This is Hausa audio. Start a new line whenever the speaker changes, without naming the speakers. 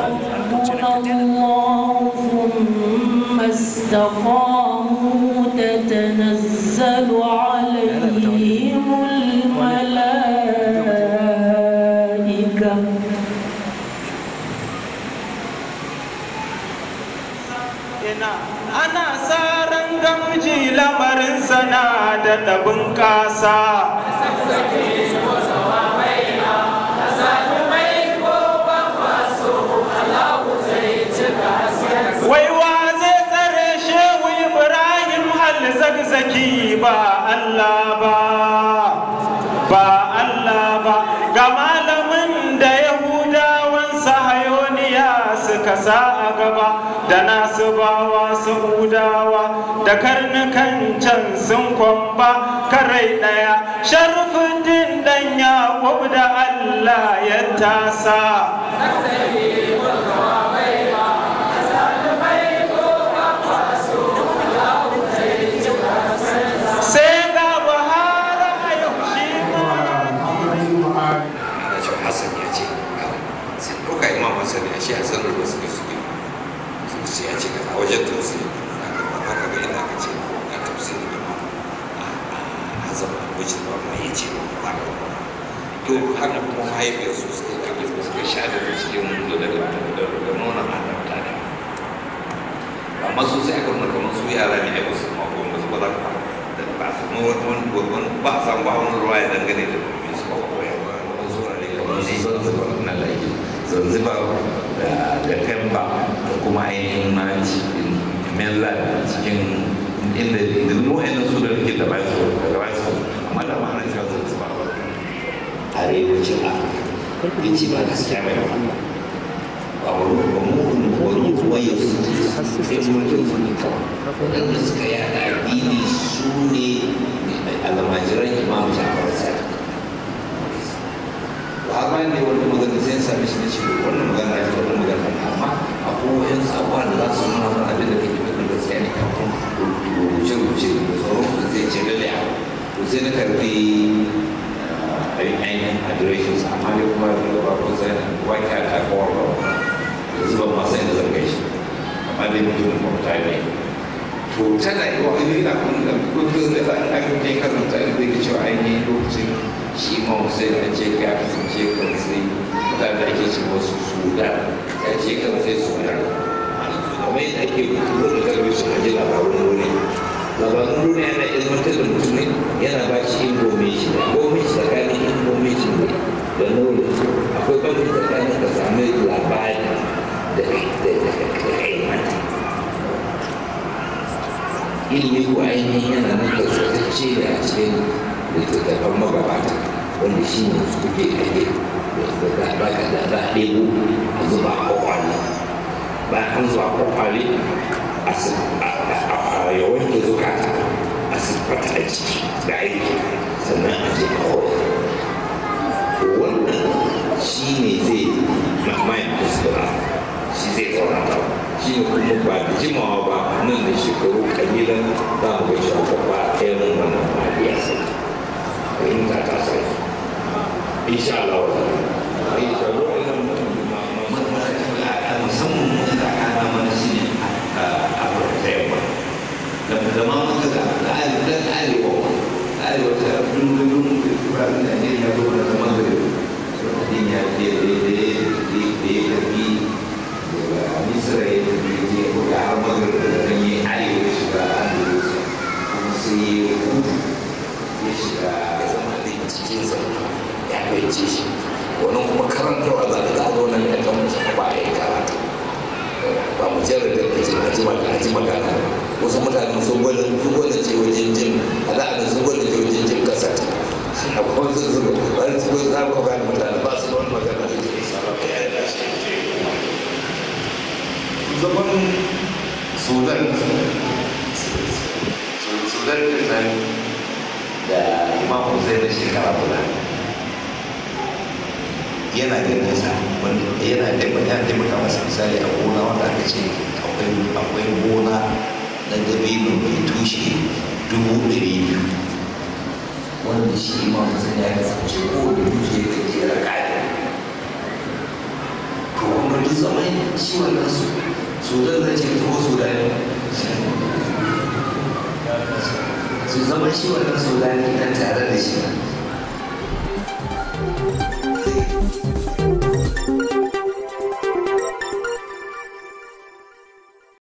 اللهم استقاموا تتنزل عليهم الملائكة أنا سارن gamji lamarin sana da ba Allah ba ga malamin da yahudawan sahayoniya suka sa a gaba da su sa'udawa da karnukan can sun kwamba karai ɗaya sharfuddin dan yaƙub da Allah ya tasa zama ya ce ba to haka kuma mahaifiyar su suka da abin da suka sha cikin da da ne amma su sai aka nuna kamar su yara ne ai musu mako ba su ba za ka ba su wani wani ba a samu ba wani ruwa ya dangane da kuma su ba ba wani kamar su zanzibar na zanzibar da temba da kuma ainihin na cikin mainland cikin inda duk su da nake da ba su da ba da maharaja zan zuba ba arewacin afirka ya ce ba wani wani wani wani wannan magana ya fi regulations amma dai kuma ya ga ba ku zai ba ka ta kawar ba yanzu ba ma sai da zarga shi amma dai mutum ba ta ne to tana yi wa hali da kun da kun da za a ga kai kan ta da ke cewa ai ne lokacin shi ma sai da ce ka kasance kan sai da da ke sudan ya ce kan sai sudan kamar yadda ake kuma da kalbi su gabanin nuna yana ilmantar da mutum ne yana ba shi information information tsakanin information ne da knowledge akwai bambanci tsakanin ka sami labari da ilmanta ilimi ko ainihin yana nan da tsakacce da a cikin littattafan magabata wanda shi ne kuke kage da ba ka da ɗebo a zuba a kwakwale bayan an zuwa kwakwale a yawa shi ne kuma ba jimawa ba nan da shekaru kalilan za a ga shi ba ɗaya nan wannan maliya sai in ta ta sai sha Allah wa ta'ala ai ta ruwa nan musamman mun da ana mana shi ne a Afirka ta yamma da zaman zungulin zungulin ce wajen jin a ana zungulin ce wajen jin kasa ta a kuma sun zuba ba su kuma zaɓa ba da mutane ba su wani magana da ke sarrafa ya da shi zaman sudan sudan da nan da imam da shekara guda yana ganin yana taimaka masu misali a gona wanda aka ce akwai gona na dabino mai tushe dubu ɗari biyu wanda shi ma mutum ya kasance kowane tushe da ke da to kuma duk zamai shi wannan su su zan zace ta ko dani su zama shi wannan su dani tare da shi Thank you.